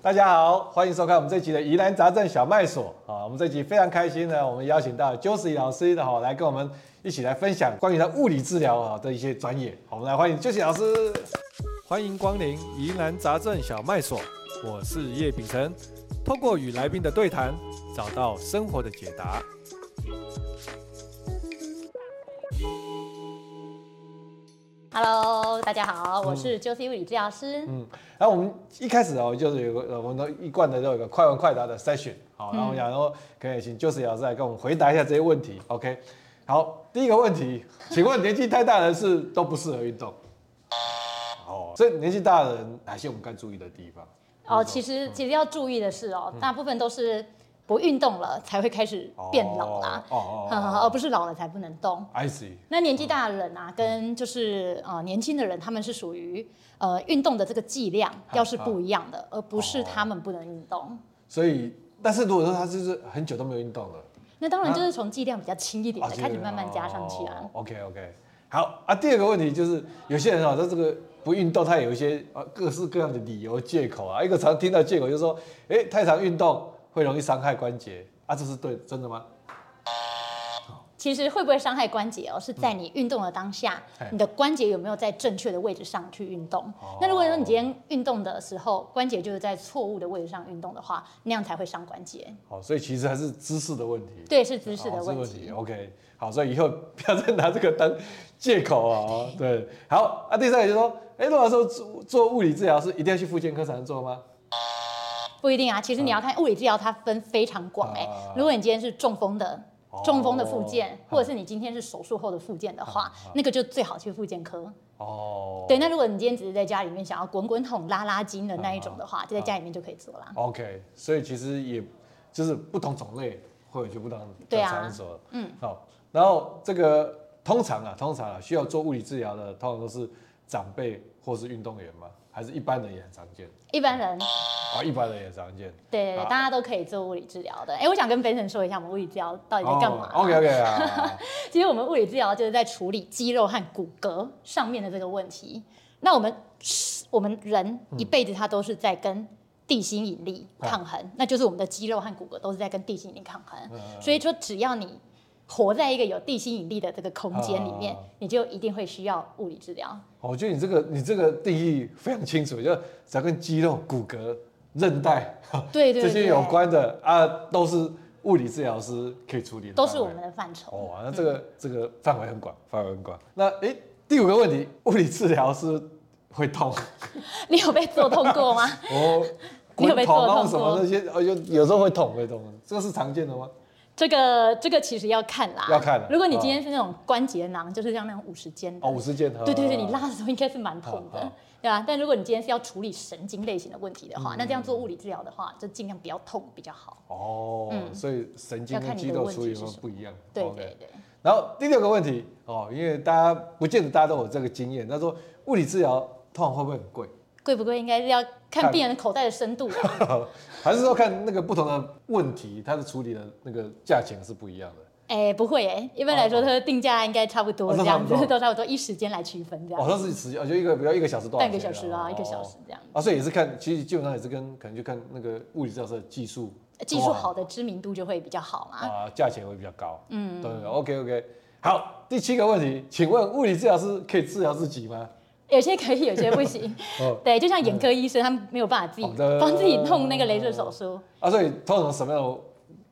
大家好，歡迎收看我們這一集的《疑難雜症小賣所》啊！我們這一集非常開心呢，我們邀請到啾 c 老師的好來跟我們一起來分享關於他物理治療啊的一些專業。好，我們來歡迎啾 c 老師，歡迎光臨《疑難雜症小賣所》，我是葉丙成，通過與來賓的對談，找到生活的解答。Hello，大家好，我是啾 c、嗯、物理治療師。嗯，然後我們一開始哦、喔，就是有個我們都一貫的都有一個快問快答的 session，好，然後然後、嗯、可以請啾 c 老師來跟我們回答一下這些問題，OK？好，第一個問題，請問年紀太大的人是都不適合運動？哦、 喔，所以年紀大的人哪些我們該注意的地方？哦，其實、嗯、其實要注意的是哦、喔，大、嗯、部分都是。不運動了才會開始變老啦噢，哦哦，而不是老了才不能動。I see、啊。那年紀大的人啊，對跟就是、呃、年輕的人他、呃，他們是屬於呃運動的這個劑量要是不一樣的，啊、而不是他們不能運動、啊。所以，嗯、但是如果說他是就是很久都沒有運動了，那當然就是從劑量比較輕一點開始慢慢加上去啊。Oh、OK OK，好啊。第二個問題就是有些人啊，他這個不運動，他有一些各式各樣的，的理由借口啊。一個常聽到借口就是說，哎，太常運動。會容易傷害關節啊，這是對，真的嗎？其實會不會傷害關節哦，是在你運動的當下，嗯、你的關節有沒有在正確的位置上去運動？哦、那如果說你今天運動的時候，關節就是在錯誤的位置上運動的話，那樣才會傷關節。好、哦，所以其實還是姿勢的問題。對，是姿勢的問題。問題哦、問題 OK，好，所以以後不要再拿這個當借口了哦，對，對，好啊。第三個就是說，哎，羅老師做物理治療是一定要去復健科才能做嗎？不一定啊，其實你要看物理治療，它分非常廣、欸啊、如果你今天是中風的，哦、中風的復健，啊、或者是你今天是手術後的復健的話，啊、那個就最好去復健科哦。啊、對，那如果你今天只是在家裡面想要滾滾筒、拉拉筋的那一種的話，啊、就在家裡面就可以做啦、啊啊。OK，所以其實也就是不同種類，或者就不同場所對、啊、嗯，好。然後這個通常啊，通常啊，需要做物理治療的，通常都是長輩或是運動員嘛。還是一般人也很常見，一般人啊、哦，一般人也常見。對對對，啊、大家都可以做物理治療的。哎、欸，我想跟 Benson 說一下，我們物理治療到底在幹嘛？o k、哦、OK 啊、okay。 其實我們物理治療就是在處理肌肉和骨骼上面的這個問題。那我們我們人一輩子他都是在跟地心引力抗衡，嗯啊、那就是我們的肌肉和骨骼都是在跟地心引力抗衡。嗯、所以說，只要你活在一個有地心引力的這個空間裡面，啊、你就一定會需要物理治療。我覺得你這個你這個定義非常清楚，就只要跟肌肉、骨骼、韌帶、嗯，對對，對,對這些有關的啊，都是物理治療師可以處理的，都是我們的範疇。哦、啊，那這個這個範圍很廣，範圍很廣。那哎、欸，第五個問題，物理治療是會痛？ 你有被做痛過嗎？哦， 你有被做痛過？什麼那些？有、哦、有時候會痛，會痛，這個是常見的嗎？這個這個其實要看啦，要看。如果你今天是那種關節囊，哦、就是像那種五十肩的哦，五十肩的，呵呵對對對，你拉的時候應該是蠻痛的，呵呵對吧？但如果你今天是要處理神經類型的問題的話，嗯嗯，那這樣做物理治療的話，就盡量不要痛比較好、嗯、哦。所以神經肌肉所以說是不一樣，對對對。Okay. 然後第六個問題哦，因為大家不見得大家都有這個經驗，他說物理治療痛會不會很貴？貴不貴？應該是要看病人口袋的深度，看 還是說看那個不同的問題，它的處理的那個價錢是不一樣的？哎、欸，不會哎、欸，一般來說，它的定價應該差不多這樣子，都差不多，依時間來區分這樣。哦，那是時間，就一個，比如一個小時多少、啊，半個小時啊，一個小時這樣、哦、啊，所以也是看，其實基本上也是跟可能就看那個物理治療師技術，技術好的知名度就會比較好嘛，啊，價錢會比較高。嗯，對，OK OK，好，第七個問題，請問物理治療師可以治療自己嗎？有些可以，有些不行。 哦、對，就像眼科醫生，嗯、他們沒有辦法自己幫自己弄那個鐳射手術、哦。啊，所以通常什麼樣的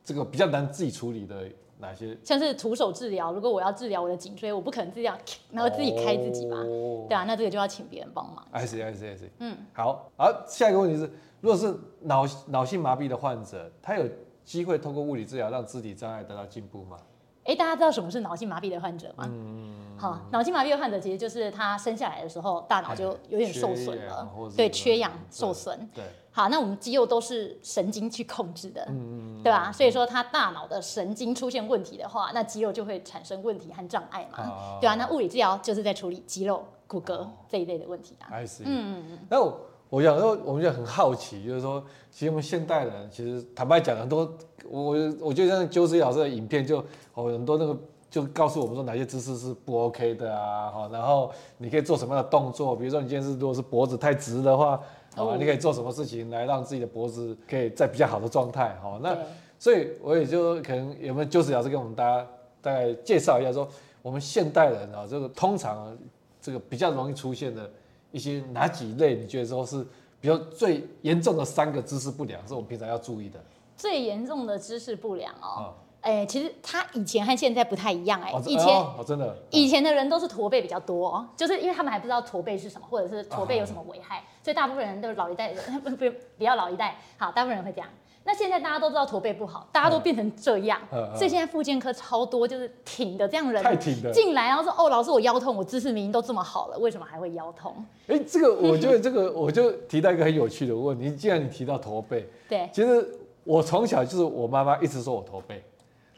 這個比較難自己處理的哪些？像是徒手治療，如果我要治療我的頸椎，我不可能自己然後自己開自己吧。哦、對啊，那這個就要請別人幫忙。哎、啊，是，是，是，嗯，好。啊，下一個問題是，如果是腦腦性麻痹的患者，他有機會通過物理治療讓肢體障礙得到進步嗎？哎、欸，大家知道什麼是腦性麻痹的患者嗎？嗯。好，腦筋麻痺患者其實就是他生下來的時候，大腦就有點受損了，對，缺氧受損。對，好，那我們肌肉都是神經去控制的，嗯，對吧、啊？嗯、所以說他大腦的神經出現問題的話，那肌肉就會產生問題和障礙嘛，哦、對吧、啊？那物理治療就是在處理肌肉、骨骼這一類的問題啊。嗯嗯、哦、嗯。那我講，有時候，我們就很好奇，就是說，其實我們現代人其實坦白講，很多我我覺得像啾 c 老師的影片，就有很多那個。就告訴我們說哪些姿勢是不 OK 的啊，然後你可以做什麼樣的動作，比如說你今天是如果是脖子太直的話，好吧、哦啊，你可以做什麼事情來讓自己的脖子可以在比較好的狀態，好、哦，那對所以我也就可能有沒有就是要是跟我們大家大概介紹一下說，說我們現代人啊，這個通常這個比較容易出現的一些哪幾類，你覺得說是比較最嚴重的三個姿勢不良，是我們平常要注意的，最嚴重的姿勢不良哦。哦哎，其實他以前和現在不太一樣哎，以前真的，以前的人都是駝背比較多，就是因為他們還不知道駝背是什麼，或者是駝背有什麼危害，所以大部分人都老一代人，不比較老一代，好，大部分人會這樣。那現在大家都知道駝背不好，大家都變成這樣，所以現在復健科超多，就是挺的這樣人太挺的進來，然後說哦，老師我腰痛，我姿勢明明都這麼好了，為什麼還會腰痛？哎，這個我覺得這個我就提到一個很有趣的問題，既然你提到駝背，對，其實我從小就是我媽媽一直說我駝背。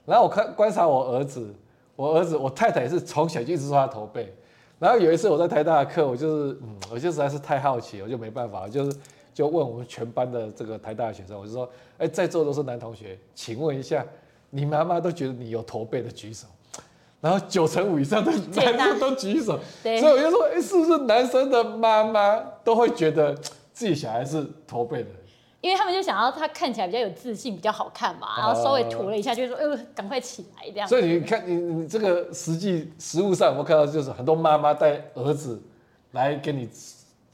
然後我看觀察我兒子，我兒子我太太是從小就一直說他駝背。然後有一次我在台大的課，我就是嗯，我就實在是太好奇，我就沒辦法，就是就問我們全班的這個台大的學生，我就說，哎，在座都是男同學，請問一下，你媽媽都覺得你有駝背的舉手，然後九成五以上的男生都舉手，對。所以我就說，哎，是不是男生的媽媽都會覺得自己小孩是駝背的？因為他們就想要他看起來比較有自信，比較好看嘛，然後稍微塗了一下，就說：“哎呦，趕快起來這樣。”所以你看，你你這個實際實物上，我看到就是很多媽媽帶兒子來給你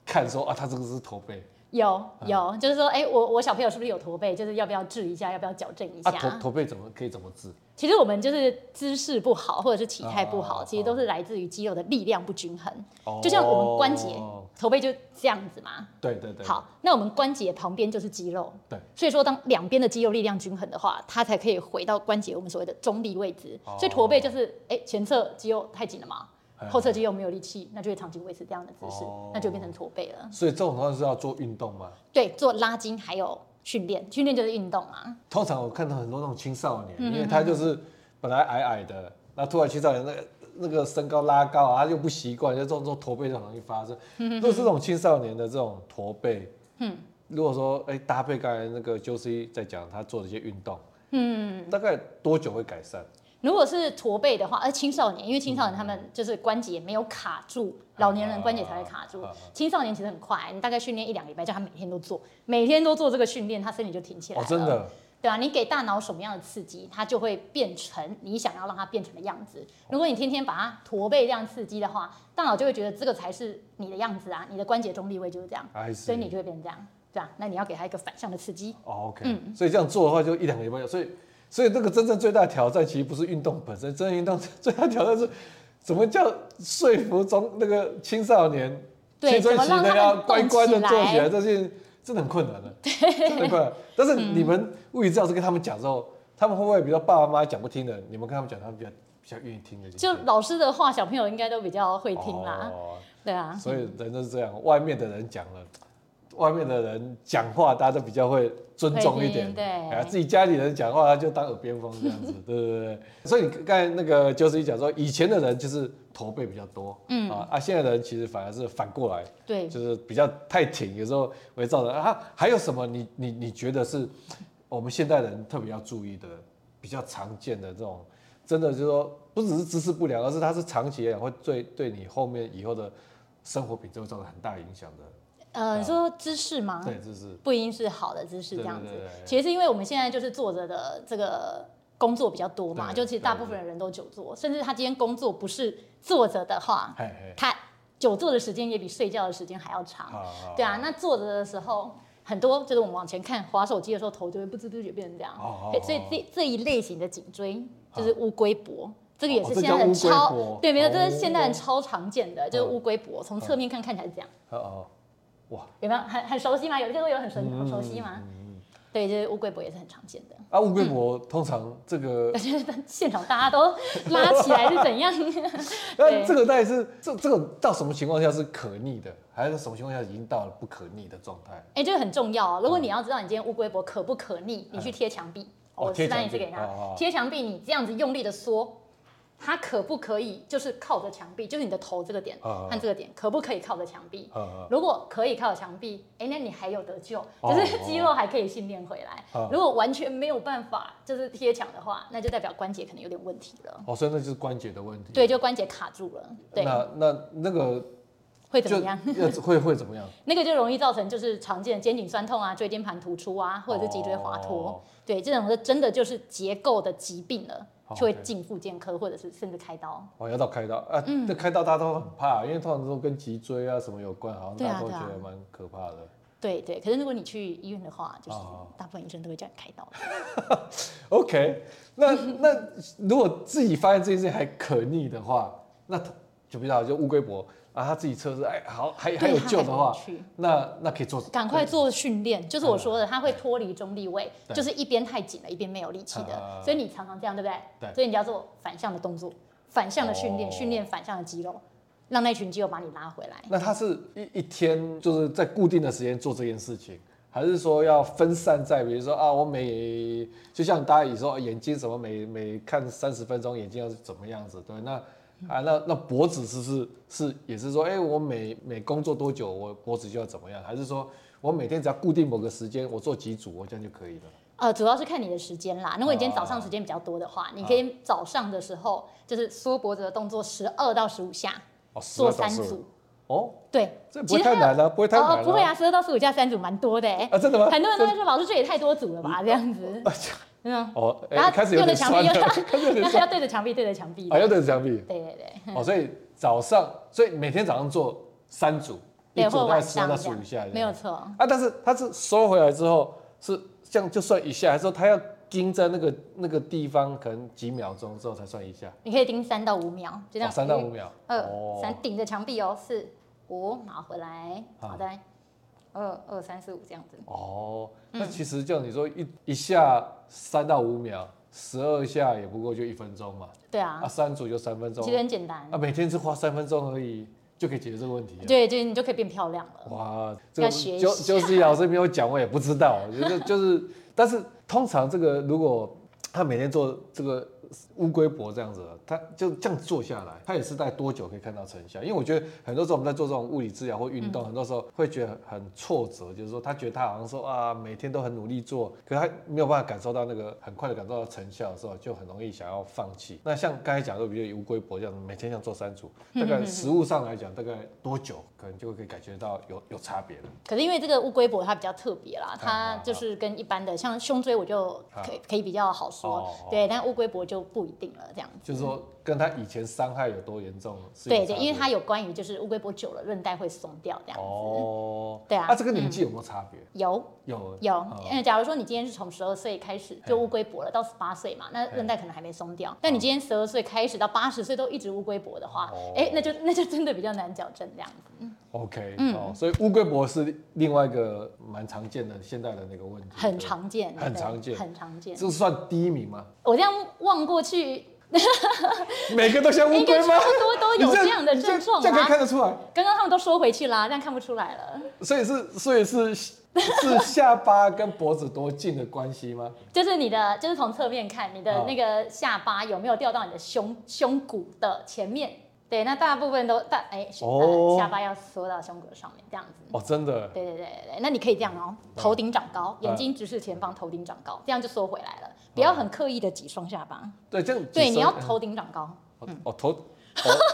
看，說：“啊，他這個是駝背。”有有，就是說，哎、欸，我我小朋友是不是有駝背？就是要不要治一下？要不要矯正一下？啊駝，駝背怎麼可以怎麼治？其實我們就是姿勢不好，或者是體態不好，啊啊啊、其實都是來自於肌肉的力量不均衡。哦、就像我們關節、哦、駝背就這樣子嘛。對對對。對對，好，那我們關節旁邊就是肌肉。對。所以說，當兩邊的肌肉力量均衡的話，它才可以回到關節我們所謂的中立位置。哦、所以駝背就是，哎、欸，前側肌肉太緊了嗎？後側肌又沒有力氣，那就會長期維持這樣的姿勢，哦、那就變成駝背了。所以這種的話是要做運動嗎？對，做拉筋還有訓練，訓練就是運動啊。通常我看到很多那種青少年，嗯、哼哼因為他就是本來矮矮的，那突然青少年那個，那個身高拉高啊，他又不習慣，就這種駝背就很容易發生。嗯、哼哼如果是這種青少年的這種駝背，嗯、如果說、欸、搭配剛才那個啾 c 在講他做的一些運動，嗯，大概多久會改善？如果是駝背的話，呃、啊，青少年，因為青少年他們就是關節沒有卡住，嗯、老年人關節才會卡住。啊、青少年其實很快、欸，你大概訓練一兩禮拜，叫他每天都做，每天都做這個訓練，他身體就挺起來了。哦、真的，對啊，你給大腦什麼樣的刺激，它就會變成你想要讓它變成的樣子。如果你天天把它駝背這樣刺激的話，大腦就會覺得這個才是你的樣子啊，你的關節中立位就是這樣，哎、是所以你就會變成這樣，對啊。那你要給他一個反向的刺激。哦，OK、嗯、所以這樣做的話，就一兩個禮拜，所以。所以這個真正最大的挑戰，其實不是運動本身，真正運動最大挑戰是，怎麼叫說服中那個青少年、對青春期的要乖乖的做起來，這是真的很困難的，對 真的很困難。但是你們、嗯、物理治療師跟他們講之後，他們會不會比如說爸爸媽媽講不聽的，你們跟他們講，他們比較比較願意聽的？就老師的話，小朋友應該都比較會聽啦，哦、對啊。所以人都是這樣，嗯、外面的人講了。外面的人講話，大家都比較會尊重一點。對、啊，自己家裡人講話，他就當耳邊風這樣子， 對對對。所以你剛才那個就是講說，以前的人就是駝背比較多，嗯啊啊，現在的人其實反而是反過來，對，就是比較太挺。有時候我照着啊，還有什麼你？你你你覺得是我們現代人特別要注意的，比較常見的這種，真的就是說，不只是姿勢不良，而是它是長期來講會對，對你後面以後的生活品質會造成很大影響的。呃，你說姿勢嗎？對，姿勢不一定是好的姿勢這樣子。其實是因為我們現在就是坐着的這個工作比較多嘛，就其實大部分的人都久坐。甚至他今天工作不是坐着的話，他久坐的時間也比睡覺的時間還要長。對啊，那坐着的時候，很多就是我們往前看、划手機的時候，頭就會不不覺變成這樣。所以這這一類型的頸椎就是烏龜脖，這個也是現在超對，沒有，這是現代人超常見的，就是烏龜脖。從側面看看起來是這樣。哇，有沒有很很熟悉嗎？有些會，有很熟悉很熟悉嗎？嗯、對，就是烏龜脖也是很常見的啊。烏龜脖通常這個， 現場大家都 拉起來是怎樣？那 對這個到底是這這個到什麼情況下是可逆的，還是什麼情況下已經到了不可逆的狀態？哎、欸，這個很重要啊！如果你要知道你今天烏龜脖可不可逆，你去貼牆壁，嗯哦、我示範一次給他，貼牆、哦哦、壁你這樣子用力的縮。他可不可以就是靠着牆壁？就是你的頭這個點，和這個點，啊、可不可以靠着牆壁？啊、如果可以靠着牆壁，哎、欸，那你還有得救，哦、就是肌肉還可以訓練回來。哦、如果完全沒有辦法，就是貼牆的話，哦、那就代表關節可能有點問題了。哦，所以那就是關節的問題。對，就關節卡住了。對，那那那個會怎麼樣？會會怎麼樣？那個就容易造成就是常見的肩頸酸痛啊，椎間盤突出啊，或者是脊椎滑脫。哦、對，這種是真的就是結構的疾病了。Oh, okay. 就會進復健科，或者是甚至開刀。哦，要到開刀啊？嗯，開刀大家都很怕，因為通常都跟脊椎啊什麼有關，好像大家都覺得蠻可怕的。對、啊對，啊、對，對，可是如果你去醫院的話，就是大部分醫生都會叫你開刀。OK，那、嗯、那，那如果自己發現這件事還可逆的話，那就比較好，就烏龜脖。啊，他自己測試，哎，好，還還有救的話，那、嗯、那可以做，趕快做訓練，就是我說的，嗯、他會脫離中立位，對就是一邊太緊了，一邊沒有力氣的，嗯、所以你常常這樣，對不對？對。所以你要做反向的動作，反向的訓練，訓練、哦、反向的肌肉，讓那群肌肉把你拉回來。那他是一一天就是在固定的時間做這件事情，還是說要分散在，比如說啊，我每就像大家也說，眼睛什麼每，每每看三十分鐘，眼睛要是怎麼樣子，對，那。啊，那那脖子是是是，也是說，哎、欸，我每每工作多久，我脖子就要怎麼樣？還是說我每天只要固定某個時間，我做幾組，我這樣就可以了？呃，主要是看你的時間啦。如果你今天早上時間比較多的話，啊啊啊啊你可以早上的時候，就是縮脖子的動作十二到十五下，啊、做三組。哦，嗯、對，實這不太難了、啊，不會太難、啊哦，不會啊，十二到十五加三組蠻多的哎、欸啊。真的嗎？很多人都在說，老師這也太多組了吧？這樣子。真的 哦，然後開始有點酸了，就是要對着牆壁，對着牆壁，啊，要對着牆壁，對對對。哦，所以早上，所以每天早上做三組，一組再三到五下，沒有錯。啊，但是它是收回來之後是這樣就算一下，還是說它要盯在那個那個地方，可能幾秒鐘之後才算一下？你可以盯三到五秒，就這樣。三到五秒，二，三、頂着牆壁哦，四、五，然後回來，好的。二二三四五這樣子哦，那其實叫你說一一下、嗯、三到五秒，十二下也不過就一分鐘嘛。對啊，啊三組就三分鐘，其實很簡單。啊每天只花三分鐘而已，就可以解決這個問題了。對，就你就可以變漂亮了。哇，這個要就就是 老師沒有講，我也不知道，就是就是，但是通常這個如果他每天做這個。烏龜脖這樣子，他就這樣做下來，他也是大概多久可以看到成效？因為我覺得很多時候我們在做這種物理治療或運動，嗯、很多時候會覺得很挫折，就是說他覺得他好像說啊，每天都很努力做，可是他沒有辦法感受到那個很快的感受到成效的時候，就很容易想要放棄。那像剛才講的，比如說烏龜脖這樣子，每天想做三組，大概實務上來講，大概多久可能就會可以感覺到有有差別了？可是因為這個烏龜脖它比較特別啦，它就是跟一般的像胸椎我就可以可以比較好說，啊、對，但烏龜脖就。不一定了，這樣子。跟他以前傷害有多嚴重？對對，因為它有關於就是烏龜脖久了，韌帶會鬆掉這樣子。哦，對啊。那這個年紀有沒有差別？有有有。嗯，假如說你今天是從十二歲開始就烏龜脖了，到十八歲嘛，那韌帶可能還沒鬆掉。但你今天十二歲開始到八十歲都一直烏龜脖的話，哎，那就那就真的比較難矯正這樣子。OK，哦，所以烏龜脖是另外一個蠻常見的現代的那個問題。很常見，很常見，很常見。這算第一名嗎？我這樣望過去。 每個都像烏龜嗎？ 差不多都有這樣的症狀嗎？這，這，這可以看得出來。剛剛 他們都縮回去啦，這樣看不出來了。所以是，所以是是下巴跟脖子多近的關係嗎？ 就是你的，就是從側面看，你的那個下巴有沒有掉到你的胸好胸骨的前面？對，那大部分都大，哎，下巴要縮到胸骨上面這樣子哦，真的。對對對對，那你可以這樣哦，頭頂長高，眼睛直視前方，頭頂長高，這樣就縮回來了，不要很刻意的擠雙下巴。對，這樣。對，你要頭頂長高。嗯哦，頭，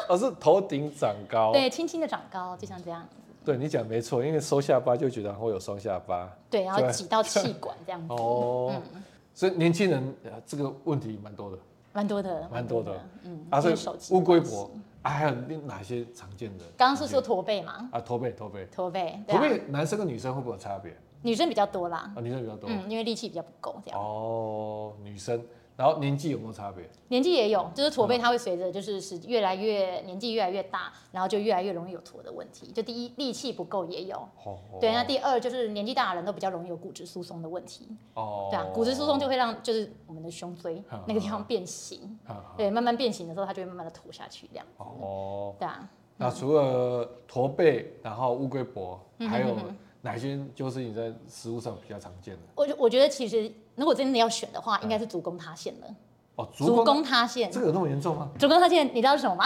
而是頭頂長高。對，輕輕的長高，就像這樣子。對你講沒錯，因為收下巴就覺得會有雙下巴。對，然後擠到氣管這樣子。哦。嗯。所以年輕人這個問題蠻多的。蠻多的。蠻多的。嗯，啊，所以烏龜脖。啊，還有哪些常見的？剛剛是說駝背嗎？啊，駝背，駝背，駝背。駝背，男生跟女生會不會有差別？女生比較多啦。啊，女生比較多。嗯，因為力氣比較不夠，這樣、啊。哦，女生。然後年紀有沒有差別？年紀也有，就是駝背，它會隨着就是越來越年紀越來越大，然後就越來越容易有駝的問題。就第一力氣不夠也有，哦哦、對。那第二就是年紀大的人都比較容易有骨質疏鬆的問題，哦、對吧、啊？骨質疏鬆就會讓就是我們的胸椎、哦、那個地方變形，哦、對，哦、慢慢變形的時候它就會慢慢的駝下去這樣。哦，對啊。那除了駝背，然後烏龜脖，還有哪些就是你在食物上比較常見的？我我覺得其實。如果真的要選的話，應該是足弓塌陷了。哦，足弓塌陷，這個有那麼嚴重嗎？足弓塌陷，你知道是什麼嗎？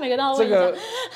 每個都要問，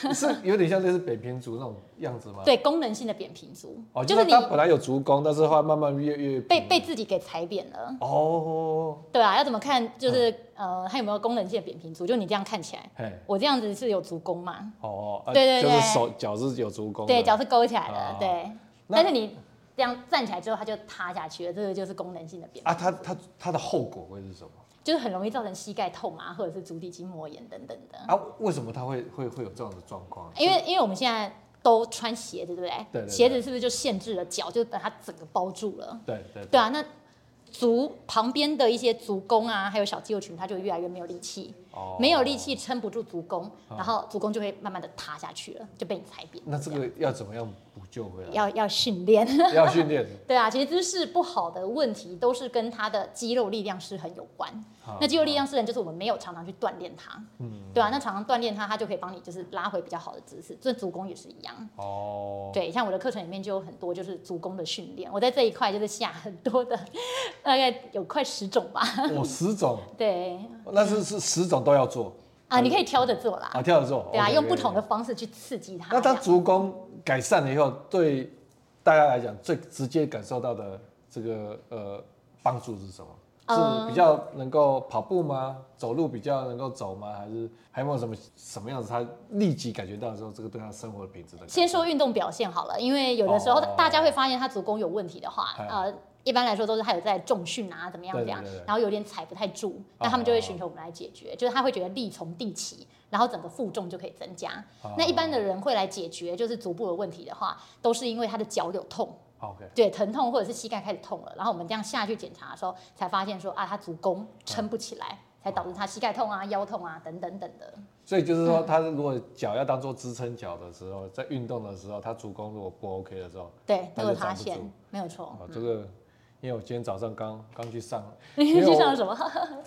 這個是有點像，這是扁平足那種樣子嗎？對，功能性的扁平足。哦，就是你本來有足弓，但是後來慢慢越越被被自己給踩扁了。哦，對啊，要怎麼看？就是呃，它有沒有功能性的扁平足？就你這樣看起來，我這樣子是有足弓嘛？哦，對對對，就是手腳是有足弓，對，腳是勾起來的，對，但是你。這樣站起來之後，它就塌下去了。這個就是功能性的扁平啊。它它它的後果會是什麼？就是很容易造成膝蓋痛啊，或者是足底筋膜炎等等的啊。為什麼它會會會有這樣的狀況？因為因為我們現在都穿鞋子，對不對？對對對。鞋子是不是就限制了腳，就把它整個包住了？對對對，對啊，那足旁邊的一些足弓啊，還有小肌肉群，它就越來越沒有力氣。沒有力氣撐不住足弓，哦、然後足弓就會慢慢的塌下去了，哦、就被你踩扁。那這個要怎麼樣補救回來？要要訓練，要訓練。訓練 對啊，其實姿勢不好的問題都是跟他的肌肉力量失衡有關。哦、那肌肉力量失衡就是我們沒有常常去鍛鍊它，嗯、對啊，那常常鍛鍊它，它就可以幫你就是拉回比較好的姿勢。這足弓也是一樣。哦，對，像我的課程裡面就有很多就是足弓的訓練，我在這一塊就是下很多的，大概有快十種吧。有、哦、十種。 對。那是是十種都要做啊？呃、你可以挑着做啦。啊，挑着做。對啊，OK, 用不同的方式去刺激它。那他足弓改善了以後，對大家來講最直接感受到的這個呃幫助是什麼？是比較能夠跑步嗎？嗯、走路比較能夠走嗎？還是還沒有什麼什麼樣子？他立即感覺到之後，這個對他生活的品質的。先說運動表現好了，因為有的時候大家會發現他足弓有問題的話，一般來說都是他有在重訓啊，怎麼樣這樣，然後有點踩不太住，那他們就會尋求我們來解決，就是他會覺得力從地起，然後整個負重就可以增加。那一般的人會來解決就是足部的問題的話，都是因為他的腳有痛，OK，對，疼痛或者是膝蓋開始痛了，然後我們這樣下去檢查的時候，才發現說啊，他足弓撐不起來，才導致他膝蓋痛啊、腰痛啊等等等的。所以就是說，他如果腳要當做支撐腳的時候，在運動的時候，他足弓如果不 OK 的時候，對，都會塌陷，沒有錯。這個。因為我今天早上剛剛去上，你去上了什麼？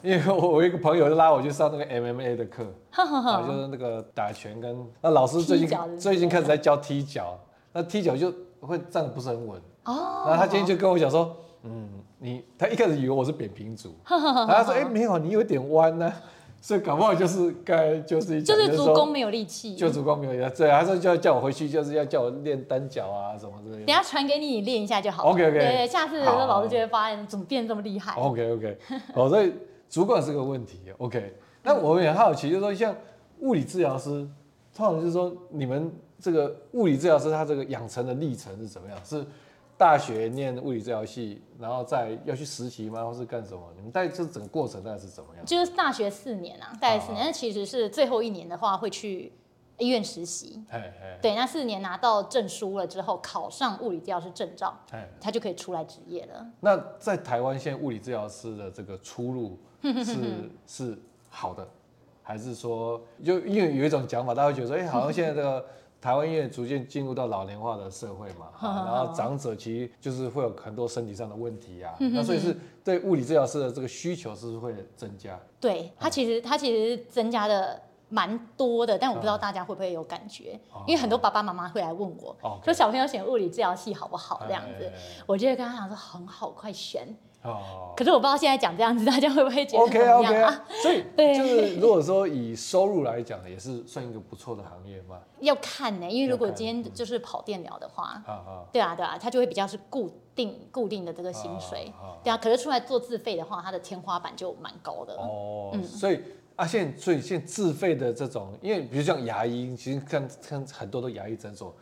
因為我因為我一個朋友就拉我去上那個 MMA 的課， 就是那個打拳，跟那老師最近是是最近開始在教踢腳，那踢腳就會站得不是很穩。 然後他今天就跟我講說，說，嗯，你他一開始以為我是扁平足， 然後他說，哎、欸，沒有，你有點彎呢、啊。所以搞不好就是該就是就是足弓沒有力氣，就足弓沒有力氣，對、啊，他說叫叫我回去就是要叫我練單腳啊什麼之類的。等下傳給你，你練一下就好。OK OK，對對對，下次老師就會發現好怎麼變這麼厲害。OK OK，哦，所以足弓是個問題。OK，那 我們也好奇，就是說像物理治療師，他好像就是說你們這個物理治療師他這個養成的歷程是怎麼樣？是？大學念物理治療系，然後再要去實習嗎？或是幹什麼？你們在這整個過程大概是怎麼樣？就是大學四年啊，大學四年啊啊，其實是最後一年的話會去醫院實習，嘿嘿嘿對，那四年拿到證書了之後，考上物理治療師證照，嘿嘿他就可以出來執業了。那在台灣現在物理治療師的這個出路是 是，是好的，還是說就因為有一種講法，大家會覺得哎、欸，好像現在的、這個 台灣因為逐漸進入到老年化的社會嘛、啊，然後長者其實就是會有很多身體上的問題啊，那所以是對物理治療師的這個需求是不是會增加？嗯嗯、對，他其實他其實增加的蠻多的，但我不知道大家會不會有感覺，因為很多爸爸媽媽會來問我，說小朋友選物理治療系好不好這樣子，我就會跟他講說很好，快選。哦，可是我不知道現在講這樣子，大家會不會覺得怎麼樣、啊、o、okay, k OK，所以就是如果說以收入來講，也是算一個不錯的行業嘛。要看呢、欸，因為如果今天就是跑電療的話，嗯、啊，啊對啊對啊，它就會比較是固定固定的這個薪水，啊啊啊對啊。可是出來做自費的話，它的天花板就蠻高的。哦、嗯所啊，所以啊，現現在自費的這種，因為比如像牙醫，其實像很多都牙醫診所，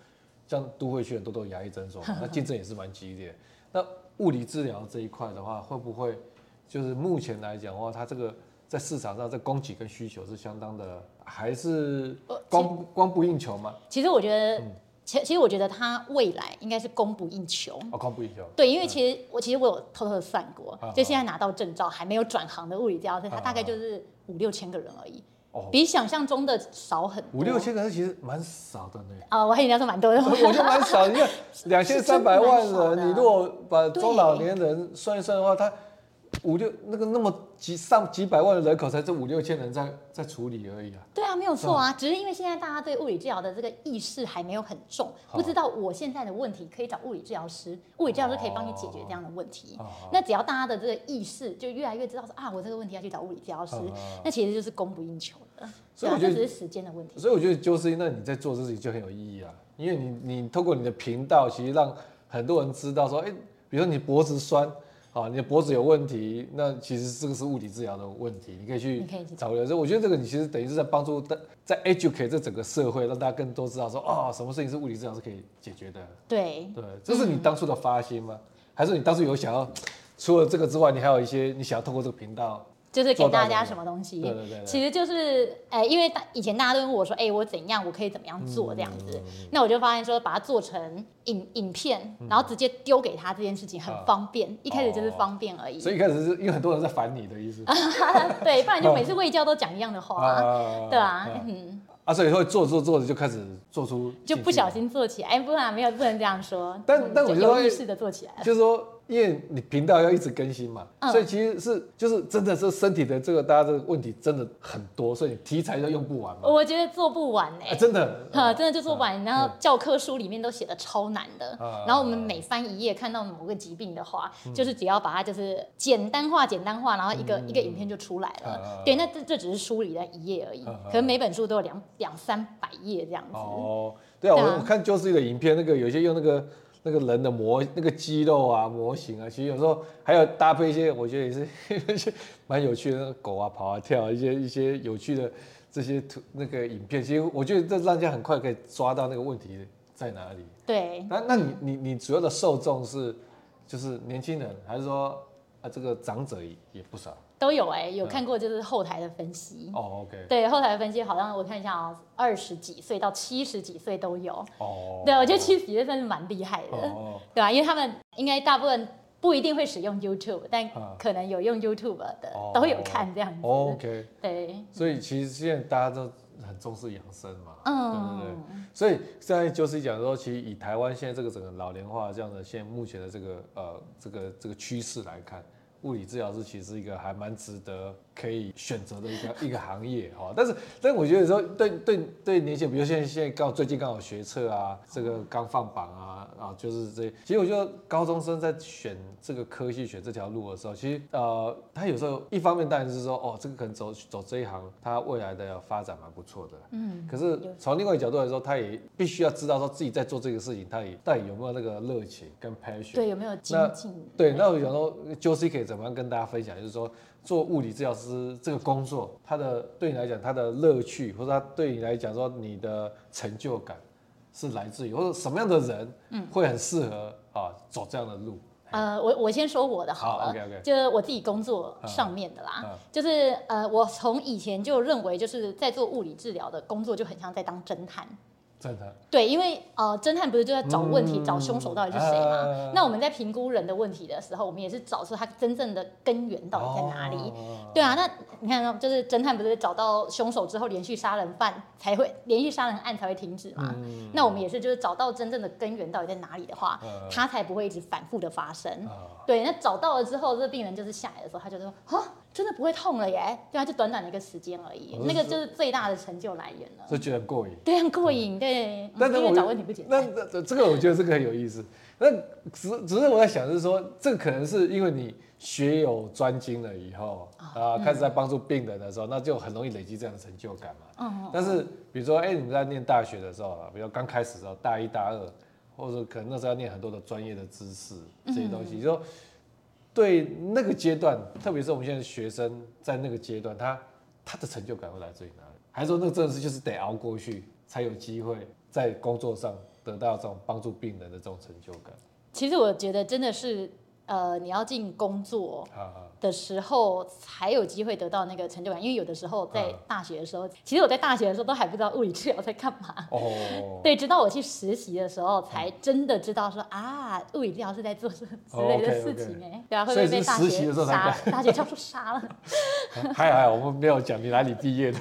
像都會區很多都牙醫診所，那競爭也是蠻激烈的。那物理治療這一塊的話，會不會就是目前來講的話，它這個在市場上這供給跟需求是相當的，還是呃、供供不應求嗎？其實我覺得，其、嗯、其實我覺得它未來應該是供不應求。哦，供不應求。對，因為其實、嗯、我其實我有偷偷的算過，嗯、就現在拿到證照、嗯、還沒有轉行的物理治療師，他大概就是五、嗯嗯、六千個人而已。哦、比想象中的少很多，五六千個人其實蠻少的呢。啊、哦，我還以為要說蠻多的，我就蠻少，因為兩千三百萬人，你如果把中老年人算一算的話，對他。五六那個那麼幾上幾百萬的人口，才這五六千人在在處理而已啊。對啊，沒有錯啊，只是因為現在大家對物理治療的這個意識還沒有很重，不知道我現在的問題可以找物理治療師，物理治療師可以幫你解決這樣的問題。那只要大家的這個意識就越來越知道說，啊，我這個問題要去找物理治療師，那其實就是供不應求的。所以我覺得只是時間的問題。所以我覺得就是因為你在做這些就很有意義啊，因為你你透過你的頻道，其實讓很多人知道說，誒，比如說你脖子酸。啊、哦，你的脖子有問題，那其實這個是物理治療的問題，你可以去治療。所以我覺得這個你其實等於是在幫助在 educate 這整個社會，讓大家更多知道說，哦，什麼事情是物理治療是可以解決的。對對，這是你當初的發心嗎？嗯、還是你當初有想要除了這個之外，你還有一些你想要通過這個頻道？就是給大家什麼東西，對對對對其實就是，哎、欸，因為大以前大家都問我說，哎、欸，我怎樣，我可以怎麼樣做這樣子，嗯嗯、那我就發現說，把它做成影影片，然後直接丟給他這件事情很方便，嗯啊、一開始就是方便而已。哦、所以一開始是因為很多人在煩你的意思， 對，不然就每次衛教都講一樣的話，嗯、對啊，嗯，啊，所以說會做著做做的就開始做出，就不小心做起來，哎、欸，不然沒有，不能這樣說，但就但，但我覺得有意的做起來，就是說。因為你頻道要一直更新嘛，所以其實是就是真的是身體的這個大家的問題真的很多，所以題材都用不完嘛。我覺得做不完哎，真的，哈，真的就做不完。然後教科書裡面都寫的超難的，然後我們每翻一頁看到某個疾病的話，就是只要把它就是簡單化、簡單化，然後一個一個影片，就出來了。對，那這這只是書裡的一頁而已，可能每本書都有兩兩三百頁這樣子。哦，對啊，我我看就是一個影片，那個有些用那個。那個人的模，那個肌肉啊，模型啊，其實有時候還有搭配一些，我覺得也是呵呵蠻有趣的。那個狗啊，跑啊跳啊，一些一些有趣的這些圖，那個影片，其實我覺得這讓人家很快可以抓到那個問題在哪裡。對，那、啊、那你你你主要的受眾是就是年輕人，還是說啊這個長者也不少？都有哎、欸，有看過就是後台的分析。哦、嗯 oh,，OK。對，後台的分析好像我看一下啊，二十幾歲到七十幾歲都有。哦。Oh, 對，我覺得七十幾歲算是蠻厲害的，oh. Oh, oh. 對吧？啊？因為他們應該大部分不一定會使用 YouTube，但可能有用 YouTube 的 oh. 都有看這樣子。Oh. Oh, OK。對。所以其實現在大家都很重視養生嘛。嗯。Oh. 對對對。所以現在就是講說，其實以台灣現在這個整個老年化這樣的現在目前的這個呃這個這個趨勢來看。物理治療師其實是一個還蠻值得。可以選擇的一個一個行業哈，但是，但我覺得說對，對對對，年輕人，比如像現在剛最近剛好學測啊，這個剛放榜啊，啊，就是這些。其實我覺得高中生在選這個科系，選這條路的時候，其實呃，他有時候一方面當然就是說，哦，這個可能走走這一行，他未來的發展蠻不錯的。嗯。可是從另外一角度來說，他也必須要知道說自己在做這個事情，他也但有沒有那個熱情跟 passion？對，有沒有精進？對，對那我想說啾 C 可以怎麼樣跟大家分享，就是說。做物理治療師這個工作，它的對你來講，它的樂趣，或者它對你來講說你的成就感，是來自於，或者什麼樣的人，嗯，會很適合啊走這樣的路。呃，我我先說我的好了，好 okay, okay 就是我自己工作上面的啦，嗯嗯、就是呃，我從以前就認為，就是在做物理治療的工作就很像在當偵探。對，對，對，對，因為呃，偵探不是就在找問題，嗯、找兇手到底是誰嗎？呃、那我們在評估人的問題的時候，我們也是找出他真正的根源到底在哪裡。哦、對啊，那你看到，就是偵探不是找到兇手之後，連續殺人犯才會連續殺人案才會停止嗎？嗯、那我們也是，就是找到真正的根源到底在哪裡的話，哦、他才不會一直反覆的發生。哦、對，那找到了之後，這個、病人就是下來的時候，他就說啊。真的不會痛了耶，對啊，就短短的一個時間而已，那個就是最大的成就來源了。就覺得過癮，對，很過癮，對。但是因為找問題不解決。那這這個我覺得這個很有意思。那只只是我在想，就是說這個可能是因為你學有專精了以後啊，開始在幫助病人的時候，那就很容易累積這樣的成就感嘛。但是比如說，哎，你在念大學的時候，比如說剛開始的時候，大一、大二，或者可能那時候要念很多的專業的知識這些東西，就。對，那個階段，特別是我們現在學生在那個階段，他他的成就感會來自於哪裡？還是說那個真的是就是得熬過去，才有機會在工作上得到這種幫助病人的這種成就感？其實我覺得真的是。呃，你要進工作的時候才有機會得到那個成就感，因為有的時候在大學的時候，其實我在大學的時候都還不知道物理治療在幹嘛。哦。 對，直到我去實習的時候，才真的知道說啊，物理治療是在做什麼之類的事情哎。對啊，會不會被大學殺，所以是實習的時候才。大學教授殺了？ 還好 還好，我沒有講你哪裡畢業的。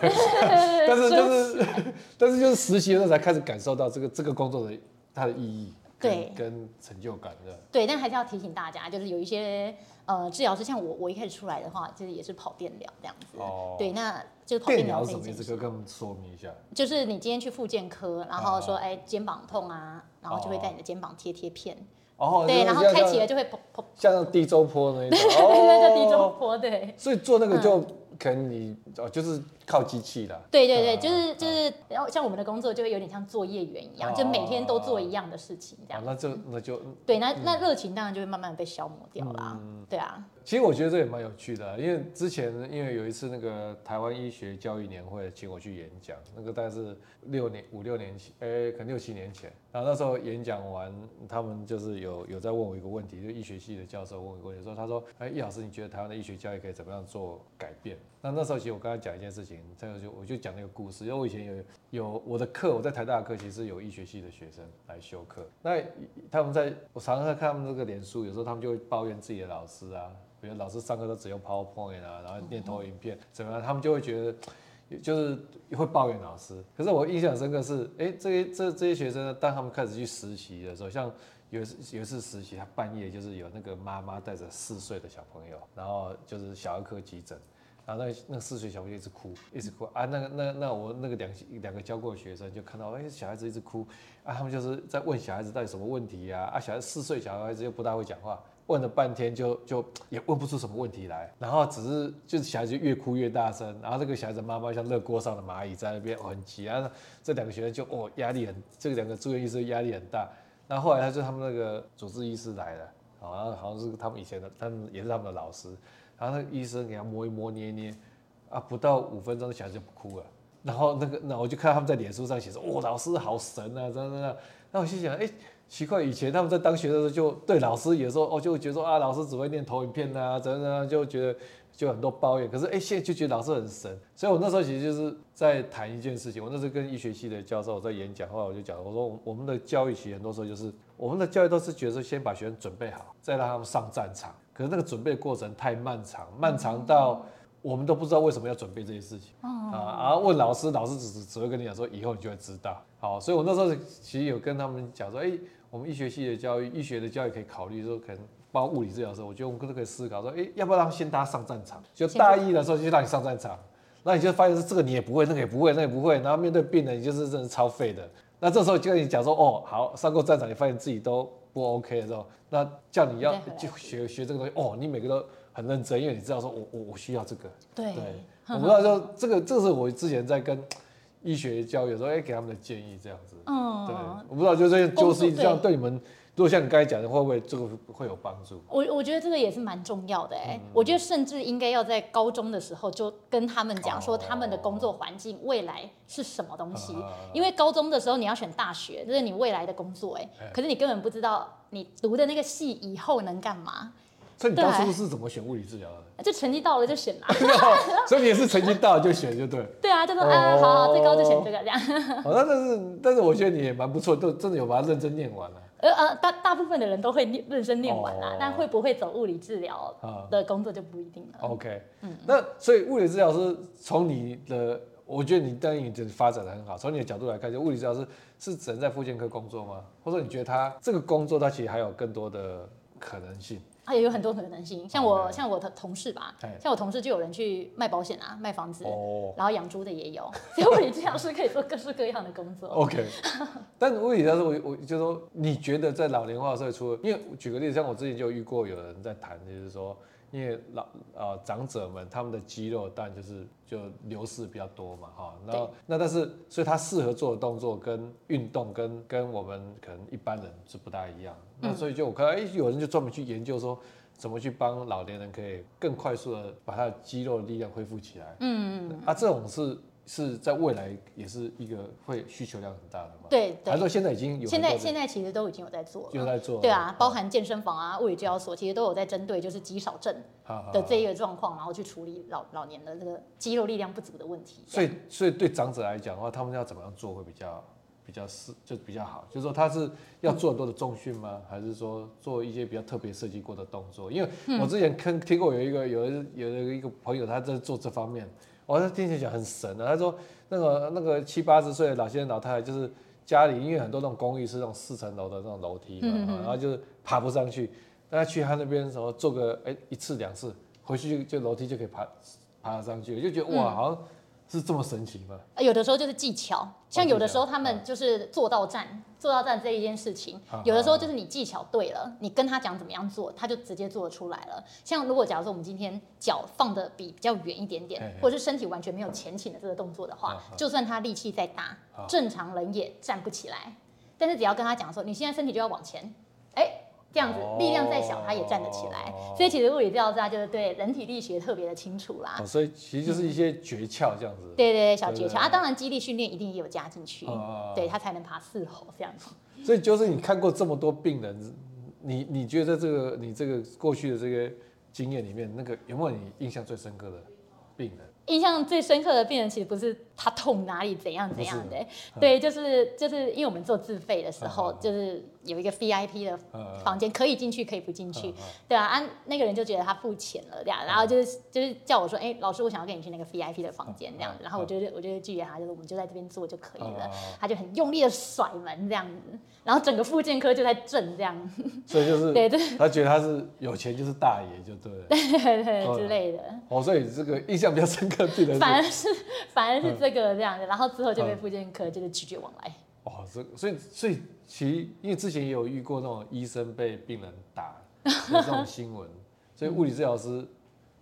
但是就是，但是就是實習的時候才開始感受到這個這個工作的，它的意義。對，跟成就感的。對，但還是要提醒大家，就是有一些呃治療師，像我，我一開始出來的話，就是也是跑電療這樣子。哦。對，那就是跑電療什麼意思？可跟我們說明一下。就是你今天去復健科，然後說哎肩膀痛啊，然後就會在你的肩膀貼貼片。哦，對，然後開啟了就會像那種低周波那種。對，那叫低周波，對。所以做那個就可能你哦就是。靠機器的，對對對，就是就是，然後像我們的工作就會有點像作業員一樣，啊、就每天都做一樣的事情，這樣、啊。那就那就、嗯、對，那那熱情當然就會慢慢被消磨掉了，嗯、對啊。其實我覺得這也蠻有趣的，因為之前因為有一次那個台灣醫學教育年會請我去演講，那個大概是六年五六年前，哎、欸，可能六七年前。然後那時候演講完，他們就是有有在問我一個問題，就醫學系的教授問我一個問題說他說，哎、欸，葉老師，你覺得台灣的醫學教育可以怎麼樣做改變？那那時候其實我剛才講一件事情。這個就我就講那個故事，因為我以前有有我的課，我在台大的課，其實是有醫學系的學生來修課。那他們在我常常看他們那個臉書，有時候他們就會抱怨自己的老師啊，比如老師上課都只用 PowerPoint 啊，然後念投影片，怎麼樣，他們就會覺得就是會抱怨老師。可是我印象深刻是，哎、欸，這些這這些學生，當他們開始去實習的時候，像有一次有一次實習，他半夜就是有那個媽媽帶着四歲的小朋友，然後就是小兒科急診。然後、啊、那個那四歲小朋友一直哭，一直哭啊！那個那那我那個兩兩個教過的學生就看到、欸，小孩子一直哭，啊，他們就是在問小孩子到底什麼問題啊？啊，小孩四歲小孩子又不大會講話，問了半天就就也問不出什麼問題來，然後只是就是小孩子越哭越大聲，然後這個小孩子媽媽像熱鍋上的螞蟻在那邊、哦、很急啊，這兩個學生就哦壓力很，這兩個住院醫師壓力很大。然後後來他就他們那個主治醫師來了，好、哦、像好像是他們以前的，他們也是他們的老師。然後那個醫生給他摸一摸捏一捏，啊，不到五分鐘，小孩就不哭了。然後那個那我就看他們在臉書上寫說，哦，老師好神啊，這樣這樣。那我就想，哎，奇怪，以前他們在當學生的時候就對老師有時候哦就會覺得說啊，老師只會念投影片吶、啊，怎樣怎樣，就覺得就很多抱怨。可是哎，現在就覺得老師很神。所以我那時候其實就是在談一件事情。我那時候跟醫學系的教授我在演講，後來我就講，我說我們的教育其實很多時候就是我們的教育都是覺得說先把學生準備好，再讓他們上戰場。可是那個準備的過程太漫長，漫長到我們都不知道為什麼要準備這些事情、哦、啊！然、啊、後問老師，老師只只會跟你講說，以後你就會知道。好，所以我那時候其實有跟他們講說，哎，我們醫學系的教育，醫學的教育可以考慮說，可能包括物理治療的時候，我覺得我們都可以思考說，哎，要不要讓先搭上戰場？就大一的時候就讓你上戰場，那你就發現是這個你也不會，那個也不會，那個、也不會，然後面對病人你就是真是超廢的。那這時候就跟你講說，哦，好，上過戰場，你發現自己都。不 OK 的時候，那叫你要就學學這個東西哦，你每個都很認真，因為你知道說我，我我我需要這個。對，對，呵呵，我不知道說這個，這是我之前在跟醫學教育的時候，哎、欸，給他們的建議這樣子。嗯，對，我不知道就是就是這樣對你們，如果像你剛才講的話，會不會這個會有幫助？我我覺得這個也是蠻重要的哎、欸。我覺得甚至應該要在高中的時候就跟他們講說，他們的工作環境未來是什麼東西。因為高中的時候你要選大學，就是你未來的工作哎、欸。可是你根本不知道你讀的那個系以後能幹嘛、嗯。嗯嗯、所以你當初是怎麼選物理治療的？就成績到了就選啦。 所以你也是成績到了就選，就對。對啊，就說啊、欸，好好，最高就選這個這樣。好、哦，那但是但是我覺得你也蠻不錯，就真的有把它認真唸完了、啊。呃呃，大大部分的人都會認真練完啦、啊，哦、但會不會走物理治療的工作就不一定了。哦哦、OK，嗯，那所以物理治療師從你的，嗯、我覺得你當然已經發展的很好。從你的角度來看，就物理治療師是，是只能在復健科工作嗎？或者你覺得他這個工作他其實還有更多的可能性？嗯它也有很多可能性，像我 Okay. 像我的同事吧，Hey. 像我同事就有人去賣保險啊，賣房子，oh. 然後養豬的也有。所以這樣是可以做各式各樣的工作。 OK， 但問題就是我我就說，你覺得在老齡化社會出，因為舉個例子，像我之前就遇過有人在談，就是說。因為老、呃、長者們他們的肌肉，但就是就流失比較多嘛，哈，那對那但是所以他適合做的動作跟運動跟跟我們可能一般人是不大一樣，嗯、那所以就我看到，哎、欸、有人就專門去研究說怎麼去幫老年人可以更快速的把他的肌肉的力量恢復起來，嗯嗯啊這種是。是在未來也是一個會需求量很大的嘛？對，還說現在已經有？現在現在其實都已經有在做了，有在做。對啊，哦、包含健身房啊、物理治療所，其實都有在針對就是肌少症的這一個狀況，啊啊啊、然後去處理老老年的那個肌肉力量不足的問題。所以，這樣。所以，所以對長者來講的話，他們要怎麼樣做會比較比較是就比較好？就是說他是要做很多的重訓嗎？嗯、還是說做一些比較特別設計過的動作？因為我之前看聽過有一個有一個有一個有一個朋友他在做這方面。我聽起來很神啊！他說那個那個七八十歲的老先生老太太，就是家裡因為很多那種公寓是那種四層樓的那種樓梯嘛，嗯嗯、嗯，然後就是爬不上去，但他去他那邊的時候，坐個、欸、一次兩次，回去就就樓梯就可以爬爬上去，我就覺得哇、嗯、好像。是這麼神奇嗎、呃？有的時候就是技巧，像有的時候他們就是坐到站、哦、坐到站這一件事情，有的時候就是你技巧對了，你跟他講怎麼樣做，他就直接做得出來了。像如果假如說我們今天腳放的比、比較遠一點點，嘿嘿或者是身體完全沒有前傾的這個動作的話，哦、就算他力氣再大，哦、正常人也站不起來。但是只要跟他講說，你現在身體就要往前，欸這樣子，力量再小，哦、他也站得起來。所以其實物理治療師就是對人體力學特別的清楚啦、哦。所以其實就是一些訣竅這樣子。嗯、對對，對小訣竅吧啊，當然肌力訓練一定也有加進去，哦、對他才能爬四樓這樣子。所以就是你看過這麼多病人，你你覺得這個你這個過去的這個經驗裡面，那個有沒有你印象最深刻的病人？印象最深刻的病人，其實不是。他痛哪裡怎樣怎樣的，對，就是就是因為我們做自費的時候，就是有一個 VIP 的房間可以進去可以不進去，對啊，啊那個人就覺得他付錢了這樣，然後就是就是叫我說，哎，老師我想要跟你去那個 VIP 的房間這樣，然後我就是我就是拒絕他，就是我們就在這邊坐就可以了，他就很用力的甩門這樣，然後整個復健科就在震這樣，所以就是對對，他覺得他是有錢就是大爺就對了對對對之類的，哦，所以這個印象比較深刻記得反而是反而是這。這個這樣子然後之後就被復健科、嗯、就是拒絕往來。哇、哦，這所以所以其實因為之前也有遇過那種醫生被病人打、就是、這種新聞， 所以物理治療師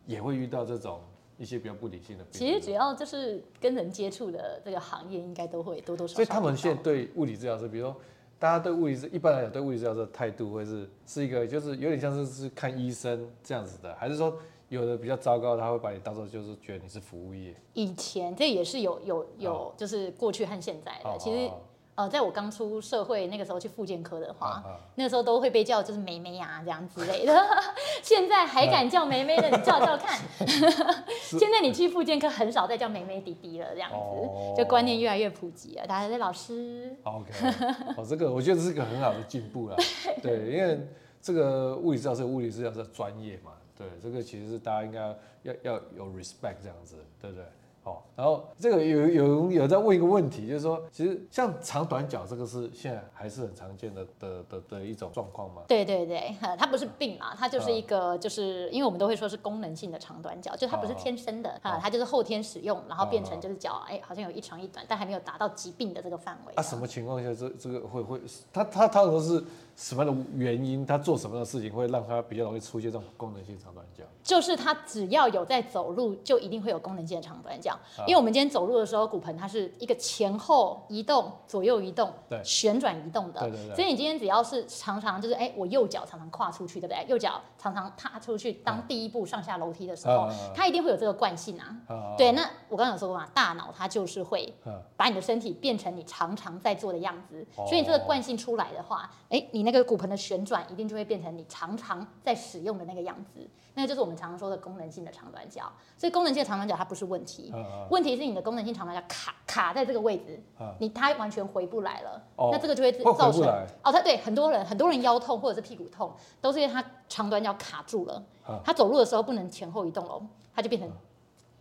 也會遇到這種一些比較不理性的病。其實主要就是跟人接觸的這個行業應該都會多多少少。所以他們現在對物理治療師，比如說大家對物理治一般來講對物理治療師的態度會是是一個就是有點像是是看醫生這樣子的，還是說？有的比較糟糕，他會把你當做就是覺得你是服務業。以前這也是有有有，有就是過去和現在的。啊、其實、啊、呃，在我剛出社會那個時候去復健科的話，啊、那時候都會被叫就是妹妹呀這樣之類的。 現在還敢叫妹妹的，你叫叫看。 是 現在你去復健科很少再叫妹妹、弟弟了這樣子，哦、就觀念越來越普及了。大家說老師，o、okay. 哦，這個我覺得這是個很好的進步了，對，對，因為這個物理治療是物理治療是專業嘛。對，這個其實是大家應該要要有 respect 這樣子，對不對？好、哦，然後這個有有有在問一個問題，就是說，其實像長短腳這個是現在還是很常見的的的的，的一種狀況嗎？對對對、呃，它不是病嘛，它就是一個就是，因為我們都會說是功能性的長短腳，就它不是天生的，哈、哦哦哦呃，它就是後天使用，然後變成就是腳，哎，好像有一長一短，但還沒有達到疾病的這個範圍。啊，什麼情況下這這個會會？它它它說是。什麼的原因？他做什麼的事情，會讓他比較容易出現這種功能性的長短腳？就是他只要有在走路，就一定會有功能性的長短腳。啊、因為我們今天走路的時候，骨盆它是一個前後移動、左右移動、對旋轉移動的。對對對。所以你今天只要是常常就是，哎、欸，我右腳常常跨出去，對不對？右腳常常踏出去，當第一步上下樓梯的時候，啊、他一定會有這個慣性啊。啊對，那我剛剛有說過嘛，大腦它就是會把你的身體變成你常常在做的樣子。啊、所以這個慣性出來的話，哎、欸，你。那個骨盆的旋轉一定就會變成你常常在使用的那個樣子，那就是我們常說的功能性的長短腳。所以功能性的長短腳它不是問題，嗯嗯，問題是你的功能性長短腳卡卡在這個位置，嗯、你它完全回不來了。哦、那這個就會造成哦，哦、它對很多人很多人腰痛或者是屁股痛，都是因為它長短腳卡住了，它走路的時候不能前後移動了，它就變成。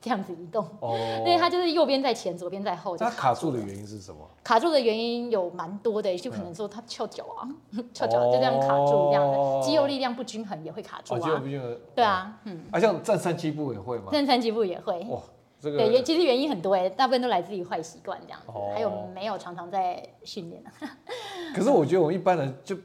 這樣子移動，對，它就是右邊在前，左邊在後。它卡住的原因是什麼？卡住的原因有蠻多的，就可能說它翹腳啊，翹腳就這樣卡住，這樣肌肉力量不均衡也會卡住啊。肌肉不均衡。對啊，嗯。啊，像站三七步也會嗎？站三七步也會。哇，這個。對，也其實原因很多哎，大部分都來自於壞習慣這樣，還有沒有常常在訓練。可是我覺得我們一般人就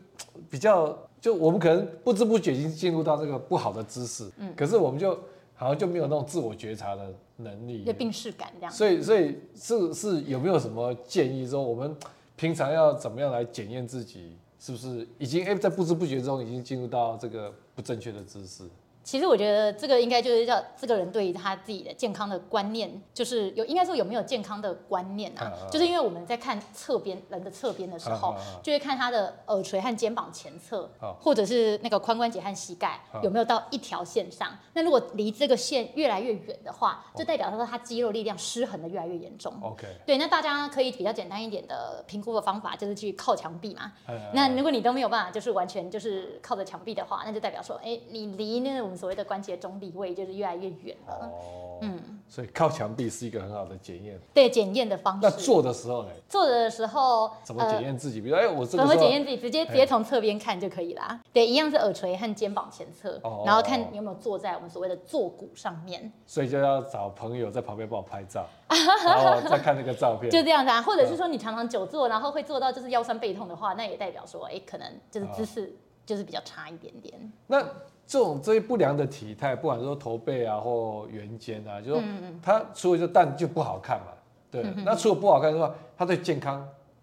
比較，就我們可能不知不覺已經進入到這個不好的姿勢，嗯，可是我們就。好像就沒有那種自我覺察的能力，有病識感這樣。所以，所以是是有沒有什麼建議，說我們平常要怎麼樣來檢驗自己，是不是已經欸，在不知不覺中已經進入到這個不正確的姿勢？其實我覺得這個應該就是叫這個人對於他自己的健康的觀念，就是有應該說有沒有健康的觀念啊？就是因為我們在看側邊人的側邊的時候，就會看他的耳垂和肩膀前側，或者是那個髖關節和膝蓋有沒有到一條線上。那如果離這個線越來越遠的話，就代表說他肌肉力量失衡的越來越嚴重。OK，對，那大家可以比較簡單一點的評估的方法就是去靠牆壁嘛。那如果你都沒有辦法，就是完全就是靠着牆壁的話，那就代表說，哎，你離那個。所謂的關節中立位就是越來越遠了。哦，嗯，所以靠牆壁是一個很好的檢驗。對，檢驗的方式。那坐的時候呢？坐的時候怎麼檢驗自己？比如，哎，我怎麼檢驗自己？直接直接從側邊看就可以啦。對，一樣是耳垂和肩膀前側，然後看你有沒有坐在我們所謂的坐骨上面。所以就要找朋友在旁邊幫我拍照，然後再看那個照片。就這樣子啊？或者是說你常常久坐，然後會坐到就是腰酸背痛的話，那也代表說，哎，可能就是姿勢就是比較差一點點。那。這種這些不良的體態，不管說駝背啊或圓肩啊，就說它除了就但就不好看嘛。對。嗯、哼那除了不好看之外，它對健康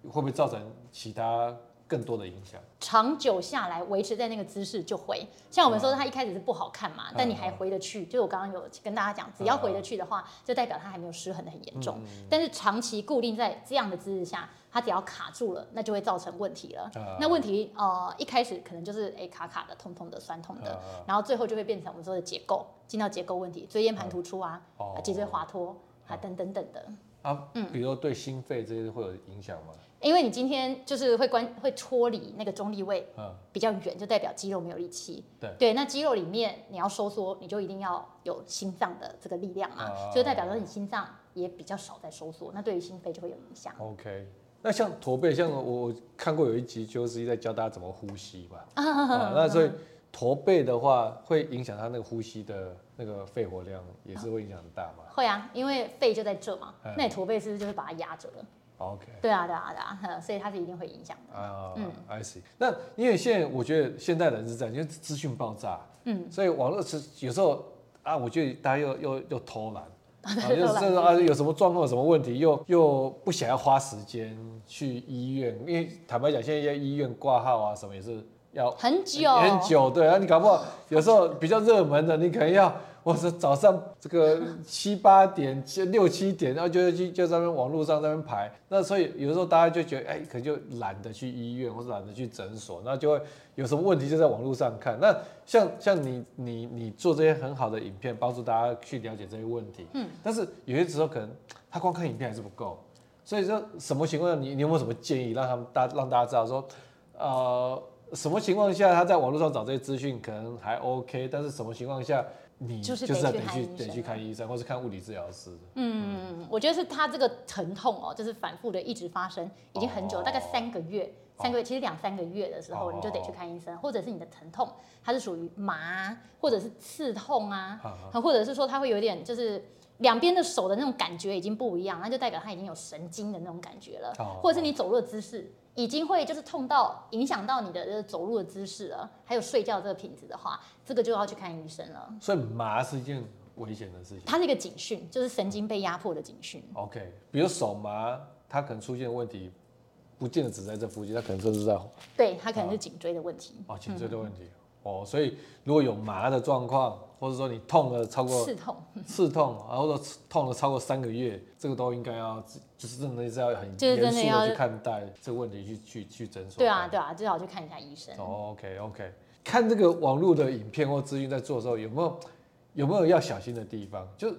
會不會造成其他更多的影響？長久下來維持在那個姿勢，就回像我們說，它一開始是不好看嘛，啊、但你還回得去。就我剛剛有跟大家講，只要回得去的話，啊、就代表它還沒有失衡的很嚴重。嗯、但是長期固定在這樣的姿勢下。它只要卡住了，那就會造成問題了。那問題呃一開始可能就是哎卡卡的、痛痛的、酸痛的，然後最後就會變成我們說的結構，進到結構問題，椎間盤突出啊、脊椎滑脫啊等等等的啊。嗯，比如對心肺這些會有影響嗎？因為你今天就是會關會脫離那個中立位，嗯，比較遠就代表肌肉沒有力氣。對對，那肌肉裡面你要收縮，你就一定要有心臟的這個力量嘛，所以代表說你心臟也比較少在收縮，那對於心肺就會有影響。OK。那像駝背，像我看過有一集就是在教大家怎麼呼吸吧。啊，呵呵啊，那所以駝背的話會影響他那個呼吸的那個肺活量，也是會影響很大嘛、啊？會啊，因為肺就在這嘛，那駝背是不是就是把它壓着了、啊？OK，對啊對啊對啊，所以它是一定會影響的啊。啊嗯，I see。那因為現在我覺得現代人是這樣，因為資訊爆炸，嗯，所以網絡是有時候啊，我覺得大家又又又偷懶。 啊、就是說啊，有什麼狀況、有什麼問題，又又不想要花時間去醫院，因為坦白講，現在在醫院掛號啊，什麼也是要很久、嗯，很久。對啊，你搞不好有時候比較熱門的，你可能要。我是早上這個七八點、六七點，然後就去就在那邊網絡上在那邊排。那所以有的時候大家就覺得，哎、欸，可能就懶得去醫院或者懶得去診所，那就會有什麼問題就在網絡上看。那像像你你你做這些很好的影片，幫助大家去了解這些問題。嗯。但是有些時候可能他光看影片還是不夠，所以說什麼情況下你你有沒有什麼建議，讓他們大讓大家知道說，呃。什麼情況下他在網絡上找這些資訊可能還 OK，但是什麼情況下你就是要得去看，得去看醫生，或是看物理治療師。嗯，我覺得是他這個疼痛哦，就是反覆的一直發生，已經很久，大概三個月，三個月其實兩三個月的時候你就得去看醫生，或者是你的疼痛它是屬於麻，或者是刺痛啊，或者是說他會有點就是兩邊的手的那種感覺已經不一樣，那就代表他已經有神經的那種感覺了，或者是你走路的姿勢。已經會就是痛到影響到你的這個走路的姿勢了，還有睡覺這個品質的話，這個就要去看醫生了。所以麻是一件危險的事情，它是一個警訊，就是神經被壓迫的警訊。OK，比如手麻，它可能出現的問題，不見得只在這附近，它可能就是在……對，它可能是頸椎的問題。哦，啊，頸椎的問題。嗯。哦，所以如果有麻的狀況。或者說你痛了超過刺痛、刺痛，然 後說痛了超過三個月，這個都應該要，就是真的是要很嚴肅的去看待這個問題去，去去去診所。對啊，對啊，最好去看一下醫生。Oh, OK OK，看這個網絡的影片、或資訊在做的時候，有沒有有沒有要小心的地方？嗯，就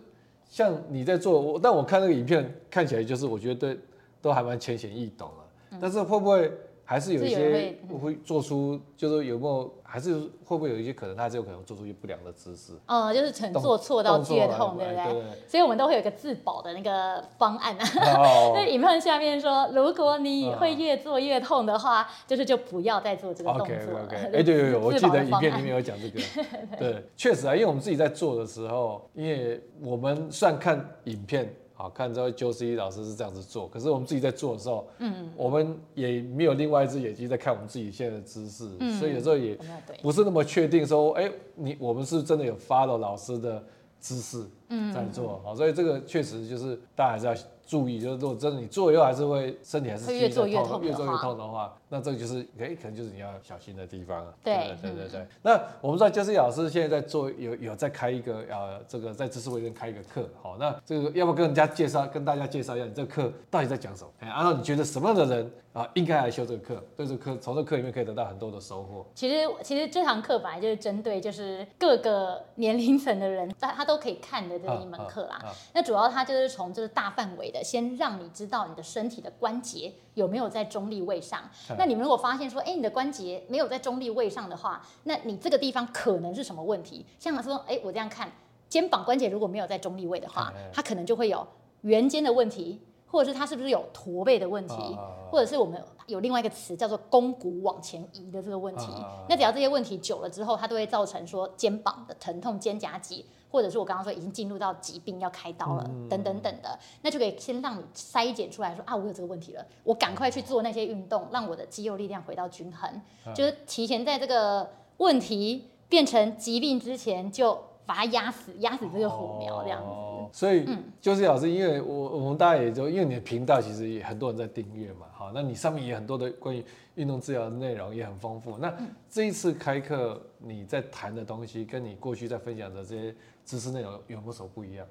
像你在做我，但我看那個影片看起來就是我覺得都都還蠻淺顯易懂了，但是會不會？還是有一些會做出，就是有沒有，還是會不會有一些可能，他還是有可能做出一些不良的姿勢，嗯。啊，嗯，就是從做錯到劇痛，對不對？對對對，所以我們都會有一個自保的那個方案，啊。哦。 影片下面說，如果你會越做越痛的話，嗯，就是就不要再做這個動作 OK OK 哎，欸，嗯，對對對，我記得影片裡面有講這個。嗯，對，確實啊，因為我們自己在做的時候，因為我們算看影片。好，看這位啾 c 老師是這樣子做，可是我們自己在做的時候，嗯，我們也沒有另外一只眼睛，在看我們自己現在的姿勢，嗯、所以有時候也不是那麼確定說，哎、欸，你我們是真的有 follow 老師的姿勢在做，嗯、好，所以這個確實就是大家還是要注意，就是如果真的你做以後還是會身體還是越做越痛，越做越痛的話。越那這個就是哎、欸，可能就是你要小心的地方了，啊。對。對對對對。嗯、那我們知道，啾 C 老師，現在在做，有有在開一個啊，這個在知識衛星開一個課。好，那這個要不要跟人家介紹，跟大家介紹一下你這個課到底在講什麼？哎、欸，然後你覺得什麼樣的人啊應該來修這個課？對這個、課從這個課裡面可以得到很多的收穫。其實其實這堂課本來就是針對就是各個年齡層的人，他他都可以看的這一門課啦啊。啊啊那主要它就是從這個大範圍的，先讓你知道你的身體的關節。有沒有在中立位上？那你們如果發現說，哎、欸，你的關節沒有在中立位上的話，那你這個地方可能是什麼問題？像說，哎、欸，我這樣看，肩膀關節如果沒有在中立位的話，它可能就會有圓肩的問題，或者是它是不是有駝背的問題，或者是我們有另外一個詞叫做肱骨往前移的這個問題。那只要這些問題久了之後，它都會造成說肩膀的疼痛、肩胛肌。或者是我剛剛說已經進入到疾病要開刀了，等等等的，嗯、那就可以先讓你篩檢出來說，啊，我有這個問題了，我趕快去做那些運動，讓我的肌肉力量回到均衡，嗯、就是提前在這個問題變成疾病之前，就把它壓死，壓死這個火苗這樣子。哦、所以，嗯、就是老師，因為我我們大家也就因為你的頻道其實也很多人在訂閱嘛，好，那你上面也很多的關於運動治療的內容也很豐富。那這一次開課你在談的東西，跟你過去在分享的這些。知識內容有什麼不一樣？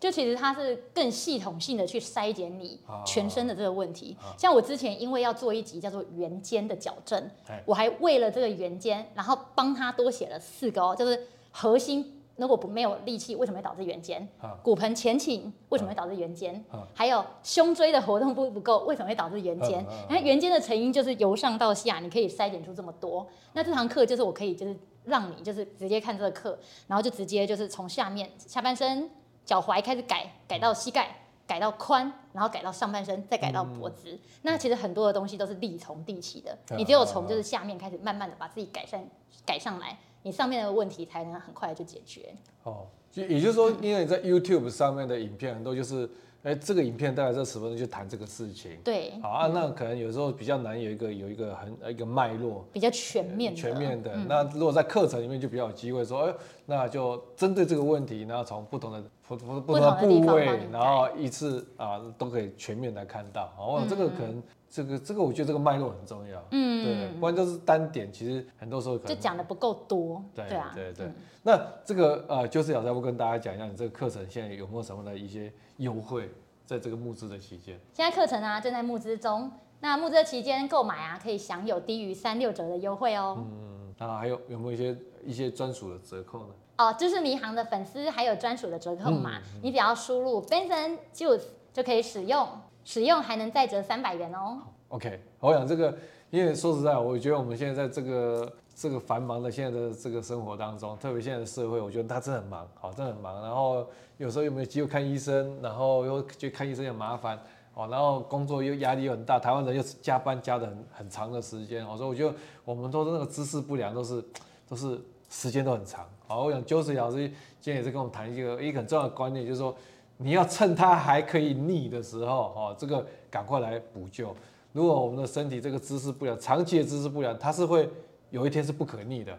就其實它是更系統性的去篩檢你全身的這個問題。啊啊、像我之前因為要做一集叫做“圓肩”的矯正，哎、我還為了這個圓肩，然後幫他多寫了四個、喔，就是核心如果不沒有力氣，為什麼會導致圓肩？啊、骨盆前傾為什麼會導致圓肩？還有胸椎的活動不不夠，為什麼會導致圓肩？然後圓肩的成因就是由上到下，你可以篩檢出這麼多。那這堂課就是我可以就是。讓你就是直接看這個課，然後就直接就是從下面下半身腳踝開始改，改到膝蓋，改到髖，然後改到上半身，再改到脖子。嗯、那其實很多的東西都是力從地起的，嗯、你只有從就是下面開始，慢慢的把自己改善改上來。你上面的問題才能很快的就解決。哦，就也就是說，因為你在 YouTube 上面的影片很多，就是，哎、嗯欸，這個影片大概這十分鐘就談這個事情。對。好啊，嗯、那可能有時候比較難有一個有一個很一個脈絡，比較全面的。呃、全面的。嗯、那如果在課程裡面就比較有機會說，哎、欸，那就針對這個問題，然後從不同的不不不，不同的部位，的然後一次啊、呃、都可以全面來看到。嗯、哼哦，這個可能。這個這個我覺得這個脈絡很重要，嗯，對，對，不然就是單點，其實很多時候可能就講的不夠多，對對啊，對，對對。嗯、那這個呃，就是要再不跟大家講一下，你這個課程現在有沒有什麼的一些優惠，在這個募資的期間？現在課程啊正在募資中，那募資的期間購買啊可以享有低於三六折的優惠哦。嗯，啊，還有有沒有一些一些專屬的折扣呢？哦，就是迷航的粉絲還有專屬的折扣碼，嗯嗯、你只要輸入 Benson Juice 就可以使用。使用還能再折三百元哦。OK，我想這個，因為說實在，我覺得我們現在在這個這個繁忙的現在的這個生活當中，特別現在的社會，我覺得他真的很忙，好、哦，真的很忙。然後有時候又沒有機會看醫生，然後又去看醫生又麻煩，哦，然後工作又壓力又很大，台灣人又加班加的很很長的時間，我、哦、說我覺得我們都是那個姿勢不良，都是都是時間都很長。好，我想啾 C 老師今天也是跟我們談一個一個很重要的觀念，就是說。你要趁它還可以逆的時候，哦，這個趕快來補救。如果我們的身體這個姿勢不良，長期的姿勢不良，它是會有一天是不可逆的。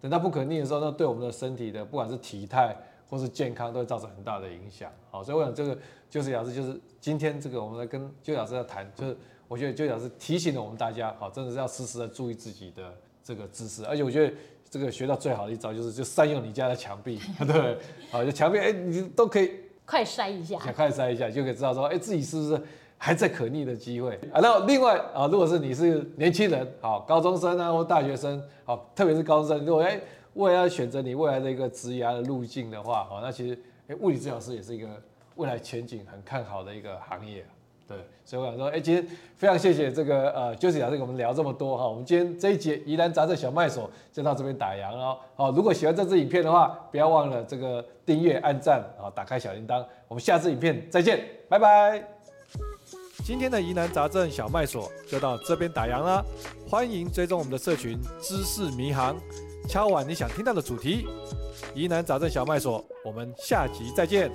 等到不可逆的時候，那對我們的身體的不管是體態或是健康都會造成很大的影響。好、哦，所以我想這個就是老師，就是今天這個我們來跟啾老師在談，就是我覺得啾老師提醒了我們大家，好、哦，真的是要時時的注意自己的這個姿勢。而且我覺得這個學到最好的一招就是就善用你家的牆壁，哎、呀對，嗯、好，就牆壁，哎、欸，你都可以。快篩一下，想快篩一下就可以知道說，哎、欸，自己是不是還在可逆的機會啊？那另外啊，如果是你是年輕人，啊，高中生啊，或大學生，啊，特別是高中生，如果哎、欸，為了要選擇你未來的一個職業的路徑的話，好、啊，那其實哎、欸，物理治療師也是一個未來前景很看好的一個行業。所以我想說，哎，今天非常謝謝這個呃，啾 C 老師給我們聊這麼多哈、哦，我們今天這一集疑難雜症小賣所就到這邊打烊了、哦。好、哦，如果喜歡這支影片的話，不要忘了這個訂閱、按讚啊、哦，打開小鈴鐺，我們下支影片再見，拜拜。今天的疑難雜症小賣所就到這邊打烊了，歡迎追蹤我們的社群知識迷航，敲碗你想聽到的主題，疑難雜症小賣所，我們下集再見。